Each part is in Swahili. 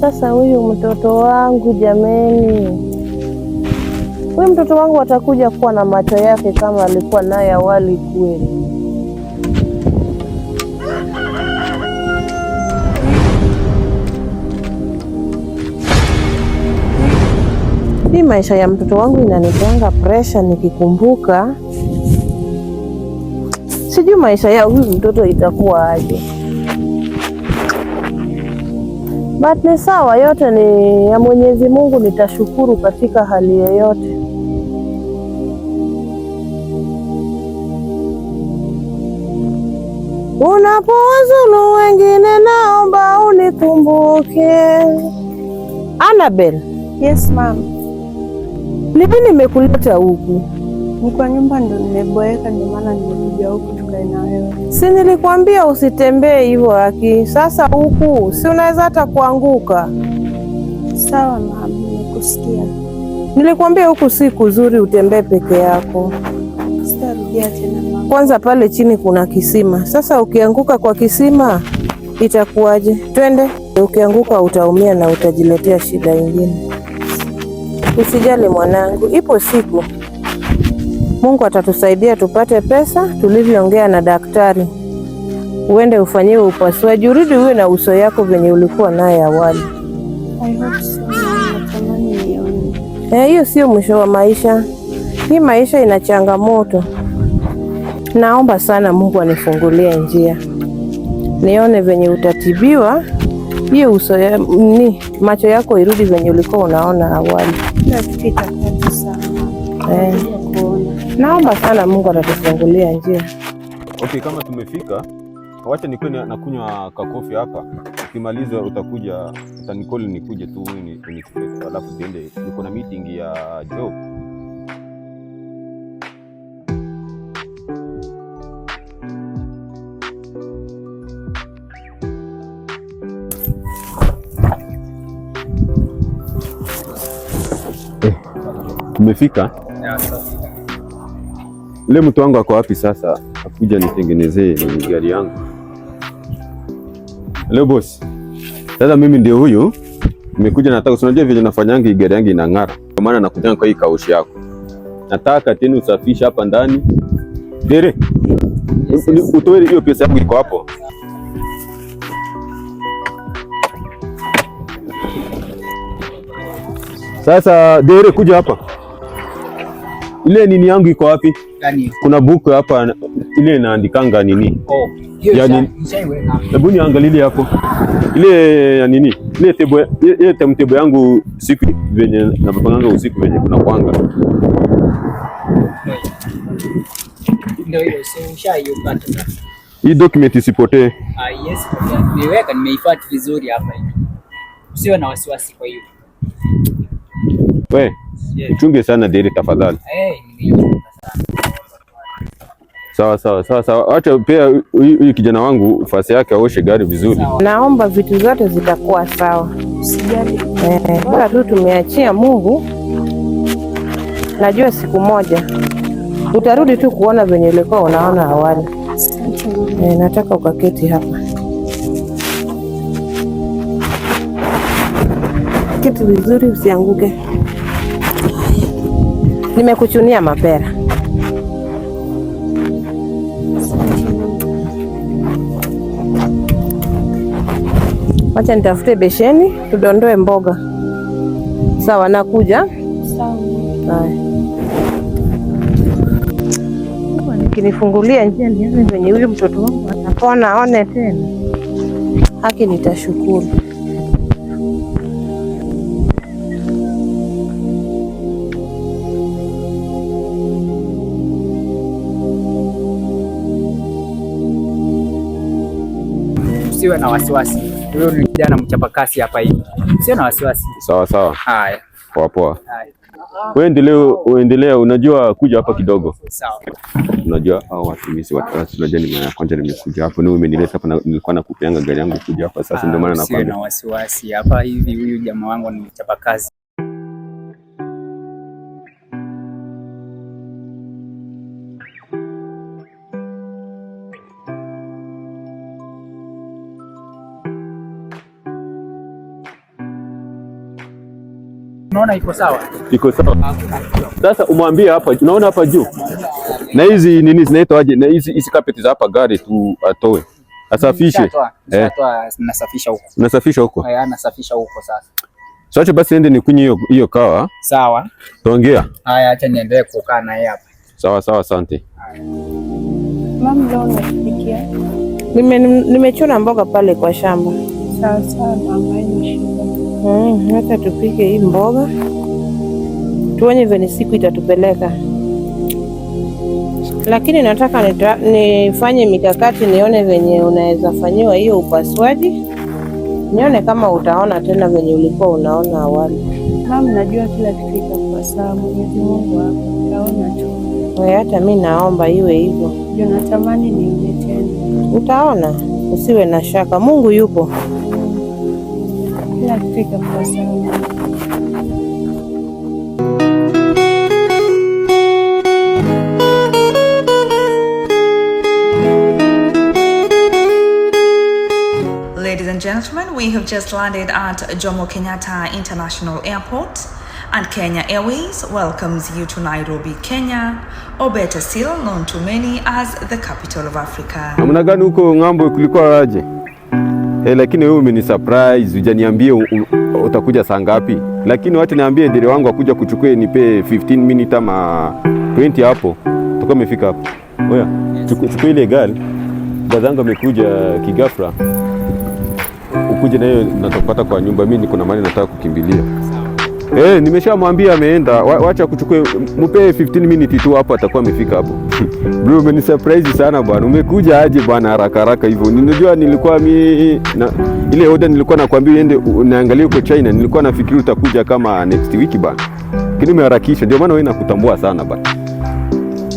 Sasa huyu mtoto wangu jameni, huyu mtoto wangu atakuja kuwa na macho yake kama alikuwa naye awali kweli? Hii maisha ya mtoto wangu inanijanga presha nikikumbuka, sijui maisha ya huyu mtoto itakuwa aje. But ni sawa, yote ni ya Mwenyezi Mungu, nitashukuru katika hali yoyote. Unapouzulu wengine, naomba unikumbuke. Annabel. Yes, ma'am. Nini nimekuleta huku? Ni kwa nyumba ndo nimeboeka, ndio maana nimekuja huku tukae na wewe. Si nilikwambia usitembee hivyo haki? Sasa huku si unaweza hata kuanguka. Sawa mama, nikusikia. Nilikwambia huku si kuzuri utembee peke yako. Sitarudia tena mama. Kwanza pale chini kuna kisima, sasa ukianguka kwa kisima itakuwaje? Twende, ukianguka utaumia na utajiletea shida ingine Usijali mwanangu, ipo siku Mungu atatusaidia tupate pesa tulivyoongea na daktari. Uende ufanyiwe upasuaji, urudi uwe na uso yako venye ulikuwa naye awali. Eh, hiyo sio mwisho wa maisha. Hii maisha ina changamoto. Naomba sana Mungu anifungulie njia nione venye utatibiwa, hiyo uso ya, ni macho yako irudi venye ulikuwa unaona awali. Naomba sana Mungu atatufungulia njia. Okay, kama tumefika, wacha nikwe nakunywa kakofi hapa, ukimaliza utakuja utanikoli, nikuje tu nikupeke, alafu tuende, niko na meeting ya job. Eh, tumefika? Yeah, Ule mtu wangu ako wapi sasa? Akuja nitengenezee ni gari yangu leo boss. Sasa mimi ndio huyu nimekuja, nataka unajua vile yangu gari yangu inang'ara, kwa maana nakuja kwa hii kaushi yako. Nataka tena usafishe hapa ndani dere, utoe hiyo pesa yangu iko hapo. Sasa dere, kuja hapa. Ile nini yangu iko wapi? kuna buku hapa ile inaandikanga nini, Oh, hebu niangalilie hapo ile ya nini, ile tebo ile temtebo yangu siku venye na napanganga usiku venye kuna kwanga hii document isipotee. Ah, yes, niweka nimeifuata vizuri hapa hivi. Usiwe na wasiwasi kwa hiyo. Wewe, yes. Uchunge sana dere tafadhali. Eh, hey, nimeifuata sana. Sawa sawa sawa sawa, acha pia huyu kijana wangu fasi yake aoshe gari vizuri. Naomba vitu zote zitakuwa sawa, eh, bora eh, tu tumeachia Mungu. Najua siku moja utarudi tu kuona venye ulikuwa unaona awali. Eh, nataka ukaketi hapa kitu vizuri, usianguke. Nimekuchunia mapera acha nitafute besheni tudondoe mboga. Sawa, nakuja. Sawa. Nikinifungulia njia nione venye huyu mtoto wangu atapona, aone tena haki, nitashukuru. Usiwe na wasiwasi huyo ni kijana mchapakazi hapa hivi, sio na wasiwasi. Sawa sawa, haya poa poa. Uendelee, uendelee. Unajua kuja hapa kidogo, sawa. Unajua hao watumizi wa trafiki, unajua ni mara kwanza nimekuja hapa, ni umenileta hapa, nilikuwa nakupeanga gari yangu kuja hapa sasa, ndio maana ah, nakwambia. Sio na wasiwasi hapa hivi, huyu jamaa wangu ni mchapakazi. unaona iko sawa, iko sawa. Sasa umwambie hapa, unaona hapa juu, na hizi nini zinaitwa aje, na hizi hizi kapeti za hapa gari tu atoe asafishe, eh, nasafisha huko nasafisha nasafisha huko, huko haya sasa Sacha, basi ende nikunye hiyo hiyo kawa. Sawa. Tuongea. Haya, acha niendelee kukaa naye hapa. Sawa sawa, asante. Nimechuna nime mboga pale kwa shamba. Sawa sawa, mama, shida. Hmm, hata tupike hii mboga tuone venye siku itatupeleka, lakini nataka nita, nifanye mikakati nione venye unaweza fanyiwa hiyo upasuaji, nione kama utaona tena venye ulikuwa unaona awali. Mama, najua kila kitu itakuwa sawa, Mwenyezi Mungu ataona tu. Wewe hata mimi naomba iwe hivyo, natamani niende tena. Utaona, usiwe na shaka, Mungu yupo. Ladies and gentlemen, we have just landed at Jomo Kenyatta International Airport and Kenya Airways welcomes you to Nairobi, Kenya, or better still known to many as the capital of Africa. Namna gani huko ng'ambo kulikuwa aje? Hey, eh, lakini wewe surprise, hujaniambia utakuja saa ngapi? Lakini wacha niambie dere wangu akuja kuchukua nipe 15 minutes ama 20 hapo. Tuko umefika hapo. Oya, chukua ile gari. Dadangu amekuja kigafra. Ukuje na natopata natapata kwa nyumba mimi niko na mali nataka kukimbilia. Eh, nimeshamwambia ameenda. Wacha kuchukue mpe 15 minutes tu hapo atakuwa amefika hapo. Bro, surprise sana bwana. Umekuja aje bwana haraka haraka hivyo. Ninajua nilikuwa mi na, ile order nilikuwa nakwambia uende unaangalia uko China. Nilikuwa nafikiri utakuja kama next week bwana. Lakini umeharakisha ndio maana wewe nakutambua sana bwana.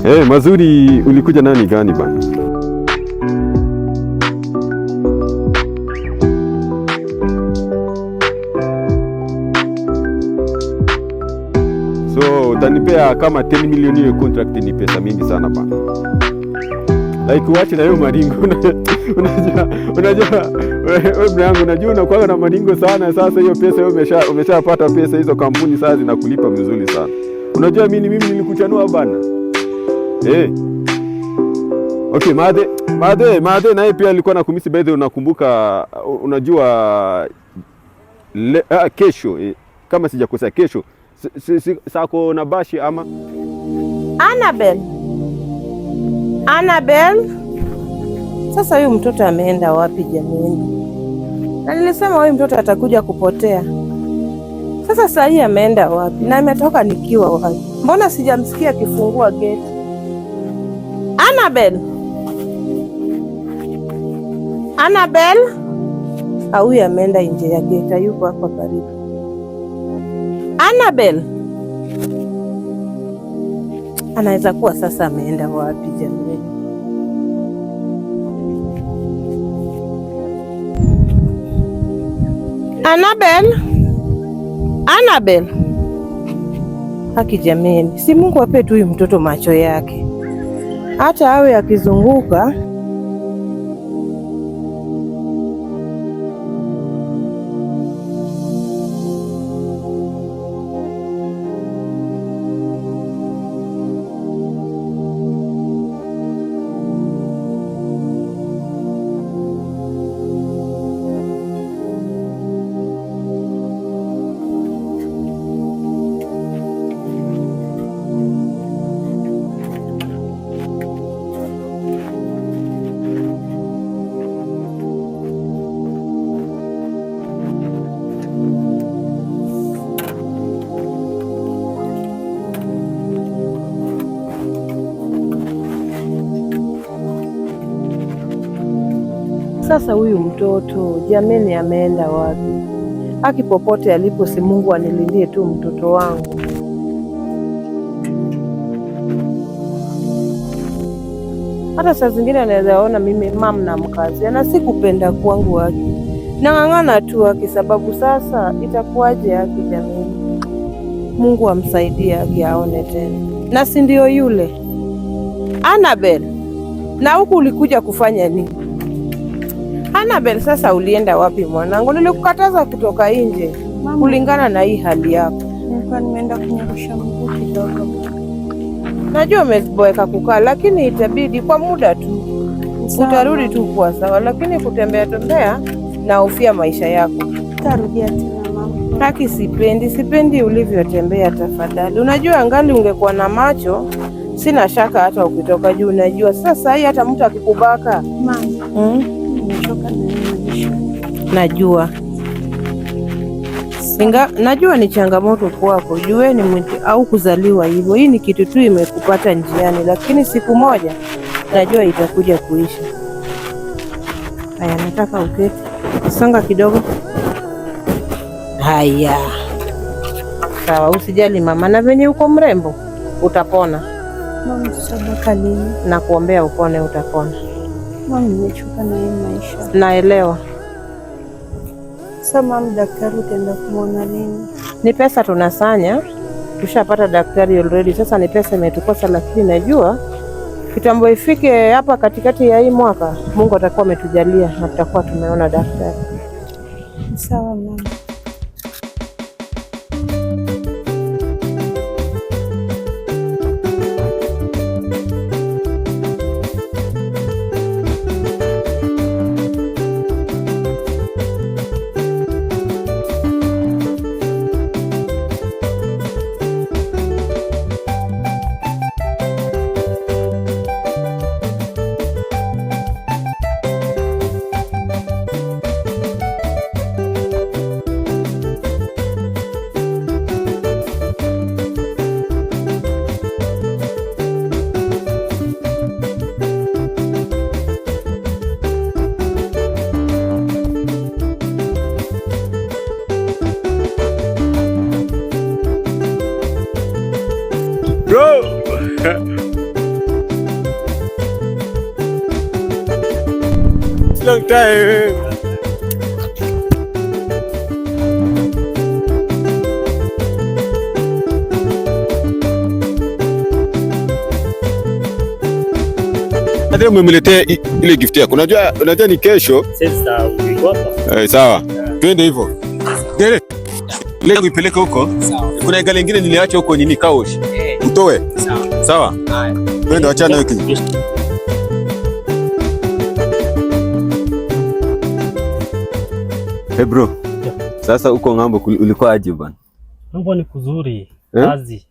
Eh, mazuri ulikuja nani gani bwana? ya kama 10 million ile contract ni pesa mingi sana bana. Like wache na hiyo maringo unajua unajua wewe yangu, unajua unakuwa na maringo sana. Sasa hiyo pesa hiyo umesha umeshapata pesa hizo, kampuni sasa zinakulipa vizuri sana. Unajua mimi mimi nilikuchanua bana eh. Okay, Made, Made, madhe naye pia alikuwa na kumisi by the unakumbuka, unajua le, ah, kesho eh, kama sijakosea kesho sako na bashi ama Annabel. Annabel. Sasa huyu mtoto ameenda wapi jamani? Na nilisema huyu mtoto atakuja kupotea. Sasa saa hii ameenda wapi na ametoka nikiwa wapi? Mbona sijamsikia akifungua geti? Annabel. Annabel. Au ah, huyu ameenda nje ya geti, yuko hapa karibu. Annabel anaweza kuwa sasa ameenda wapi jamani? Annabel, Annabel, haki jamani, si Mungu ape tu huyu mtoto macho yake, hata awe akizunguka Sasa huyu mtoto jameni, ameenda wapi? Aki popote alipo, si Mungu anilindie tu mtoto wangu. Hata saa zingine anaweza ona mimi mam na mkazi ana sikupenda kwangu Aki, nang'ang'ana tu Aki sababu sasa itakuwaje Aki jameni? Mungu amsaidie Aki aone tena. Na si ndio yule Anabel, na huku ulikuja kufanya nini? Annabel, sasa ulienda wapi mwanangu? Nilikukataza kutoka nje kulingana na hii hali yako. Nilikuwa nimeenda kunyorosha mguu kidogo. Najua umeboeka kukaa, lakini itabidi kwa muda tu utarudi tu kuwa sawa, lakini kutembea tembea ufia maisha yako. Tarudia tena mama. Haki sipendi, sipendi ulivyotembea. Tafadhali, unajua angali ungekuwa na macho sina shaka hata ukitoka juu. Unajua sasa hii hata mtu akikubaka mama. Hmm? nimechoka najua Inga, najua ni changamoto kwako, jue ni mwiti au kuzaliwa hivyo. Hii ni kitu tu imekupata njiani, lakini siku moja najua itakuja kuisha. Haya, nataka uketi, songa kidogo. Haya, sawa, usijali mama, na venye uko mrembo utapona. Mama, nakuombea upone, utapona nimechoka na hii maisha. Naelewa. Sasa mam, daktari utaenda kumwona nini? Ni pesa tunasanya, tushapata daktari already. Sasa ni pesa imetukosa, lakini najua kitambo ifike hapa katikati ya hii mwaka Mungu atakuwa ametujalia na tutakuwa tumeona daktari. Sawa mama. ukatae wewe. Umemletea ile gift yako, unajua unajua ni kesho. Eh, sawa, twende hivyo leo, ipeleke huko. Kuna gari lingine niliacha huko nini, kaush eh. utoe. Sawa, twende, wachana wiki Hey bro. Yeah. Sasa uko ng'ambo ulikuwa aje bwana? Ng'ambo ni kuzuri. Eh? Kazi.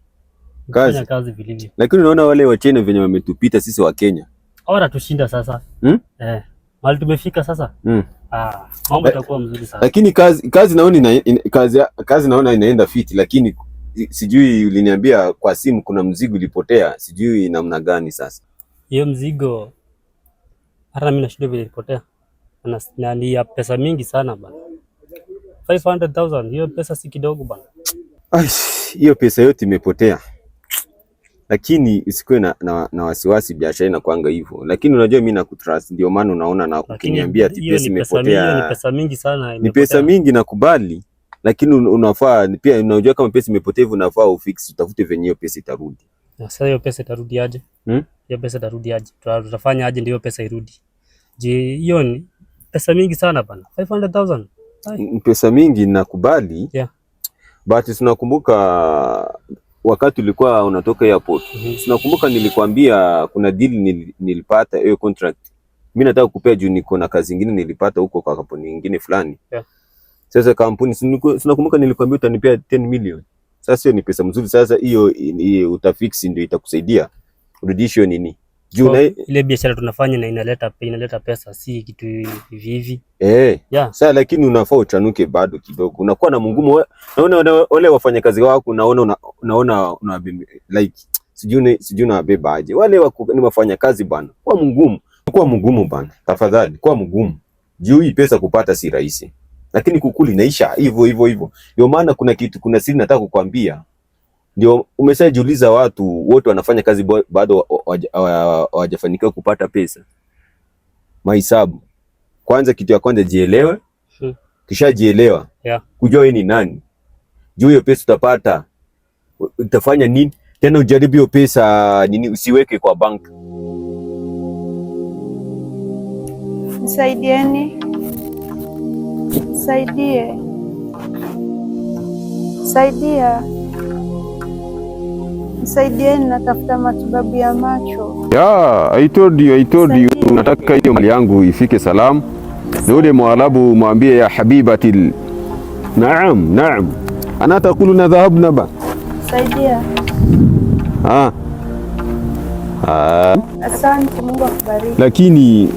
Kazi. Kazi vilivyo. Lakini unaona wale wa China venye wametupita sisi wa Kenya. Hawara tushinda sasa. Hmm? Eh. Mali tumefika sasa. Hmm. Ah, mambo yatakuwa mzuri sana. Lakini kazi kazi naona ina, ina, kazi, kazi naona inaenda fit lakini sijui uliniambia kwa simu kuna mzigo ulipotea, sijui namna gani sasa. Hiyo mzigo hata mimi nashindwa vile ilipotea. Na ni ya pesa mingi sana bana. 500,000 hiyo pesa si kidogo bwana. Hiyo pesa yote imepotea, lakini usikuwe na, na, na wasiwasi. Biashara inakwanga hivyo, lakini unajua mimi na kutrust, ndio maana unaona na ukiniambia ati pesa imepotea. Ni pesa mingi sana, imepotea. ni pesa mingi nakubali, lakini unafaa pia, unajua kama pesa imepotea hivyo, unafaa ufix, utafute venye hiyo pesa itarudi. Na Sasa hiyo pesa itarudi aje? Hmm? Hiyo pesa itarudi aje? Tutafanya aje ndio pesa irudi? Je, hiyo ni pesa mingi sana bana, 500,000 pesa mingi nakubali, yeah. But tunakumbuka wakati ulikuwa unatoka airport mm -hmm. Tunakumbuka nilikwambia kuna deal nil, nilipata hiyo eh, contract, mimi nataka kupea juu niko na kazi nyingine nilipata huko kwa kampuni nyingine fulani yeah. Sasa kampuni tunakumbuka nilikwambia utanipea 10 million. Sasa hiyo ni pesa mzuri. Sasa hiyo utafix ndio itakusaidia urudisho nini juu so, ile biashara tunafanya na inaleta, inaleta pesa, si kitu hivi hivi eh, yeah. Sasa lakini unafaa uchanuke bado kidogo, unakuwa na mgumu. Naona wale wafanyakazi wako, naona naona una like sijui sijui beba aje wale wako, ni wafanyakazi bwana, kwa mgumu, kwa mgumu bwana, tafadhali kwa mgumu juu hii pesa kupata si rahisi, lakini kukuli naisha hivyo hivyo hivyo. Ndio maana kuna kitu, kuna siri nataka kukwambia ndio umeshajiuliza, watu wote wanafanya kazi bado hawajafanikiwa kupata pesa. Mahesabu kwanza, kitu ya kwanza jielewe, hmm. kisha jielewa yeah. Kujua wewe ni nani, juu hiyo pesa utapata utafanya nini tena, ujaribu hiyo pesa nini, usiweke kwa bank Nisaidieni, saidie, saidia Msaidieni, natafuta matibabu ya macho. Yeah, I told you, I told you. Nataka hiyo mali yangu ifike salamu. Yule mwalabu mwambie ya habibati. Naam, naam. Ana takulu na dhahabna ba. Saidia. Ha. Ha. Asante, Mungu akubariki. Lakini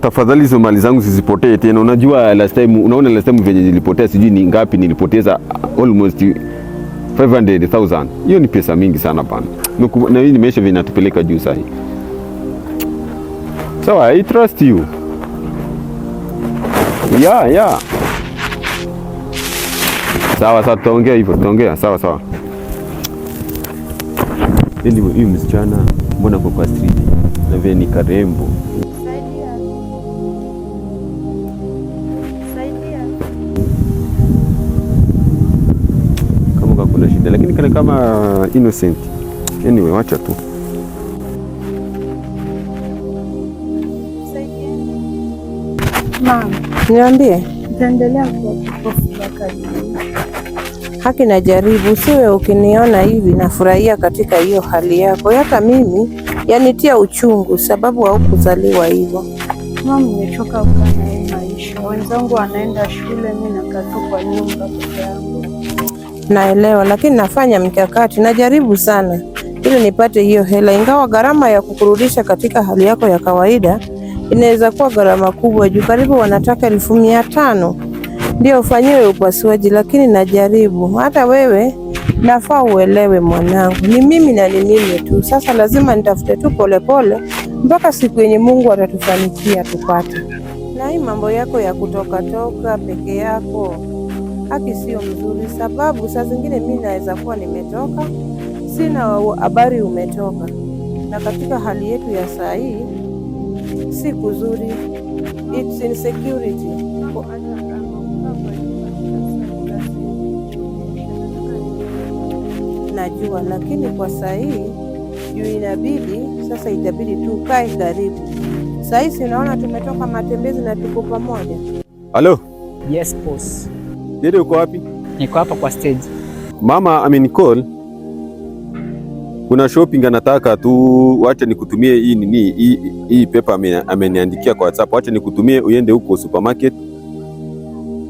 tafadhali hizo mali zangu zisipotee tena. Unajua last time, unaona last time venye nilipotea sijui ni ngapi nilipoteza almost 500,000 hiyo ni pesa mingi sana bana, na hii nimesha vinatupeleka juu sahi. So I trust you yeah, yeah. Sawa sawa, tutaongea hivyo, tutaongea sawa sawa. Huyu msichana mbona kwa kwa street na vile ni karembo kama uh, innocent. Anyway, wacha tu. Mama, niambie. Nitaendelea haki na jaribu, siwe ukiniona hivi nafurahia katika hiyo hali yako. Hata mimi yanitia uchungu, sababu haukuzaliwa hivyo. Mama, nimechoka kwa maisha. Wenzangu wanaenda shule, mimi nakaa tu kwa nyumba peke yangu naelewa, lakini nafanya mkakati, najaribu sana ili nipate hiyo hela, ingawa gharama ya kukurudisha katika hali yako ya kawaida inaweza kuwa gharama kubwa juu karibu wanataka elfu mia tano ndio ufanyiwe upasuaji, lakini najaribu. Hata wewe nafaa uelewe, mwanangu, ni mimi na ni mimi tu. Sasa lazima nitafute tu polepole mpaka siku yenye Mungu atatufanikia tupate. Na hii mambo yako ya kutokatoka peke yako haki sio mzuri, sababu saa zingine mi naweza kuwa nimetoka, sina habari umetoka, na katika hali yetu ya saa hii si kuzuri, it's insecurity. Najua, lakini kwa saa hii juu inabidi sasa, itabidi tu kae karibu. Saa hii si unaona tumetoka matembezi na tuko pamoja. Halo. Yes boss. Dede, uko wapi? Niko hapa kwa stage. Mama amenicall, kuna shopping anataka tu, wacha nikutumie hii nini, hii pepa ameniandikia kwa WhatsApp, wacha nikutumie uende huko supermarket.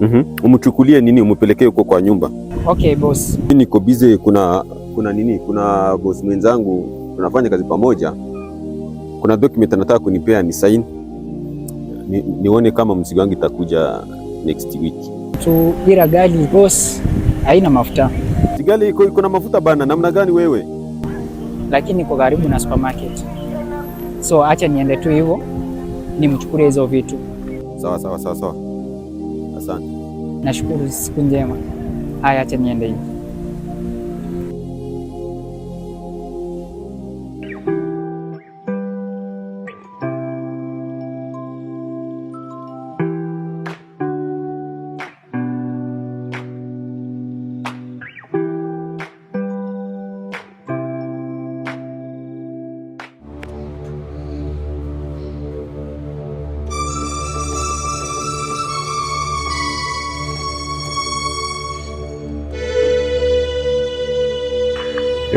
Mhm. Umchukulie nini umupelekee huko kwa nyumba. Okay boss. Mimi niko busy, kuna kuna nini, kuna boss mwenzangu tunafanya kazi pamoja, kuna document anataka kunipea ni sign, nione kama mzigo wangu itakuja next week tu, ila gari boss haina mafuta. Gari iko na mafuta bana, namna gani wewe? Lakini kwa karibu na supermarket, so acha niende tu hivyo nimchukulie hizo vitu. Sawa sawa sawa sawa, asante. Nashukuru, siku njema. Haya, acha niende hivyo.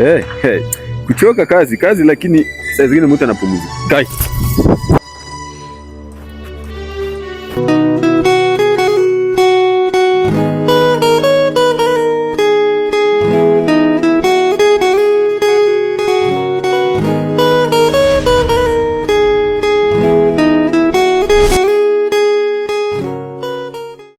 hey, eh, eh, hey. Kuchoka kazi kazi, lakini saa zingine mtu anapumzika.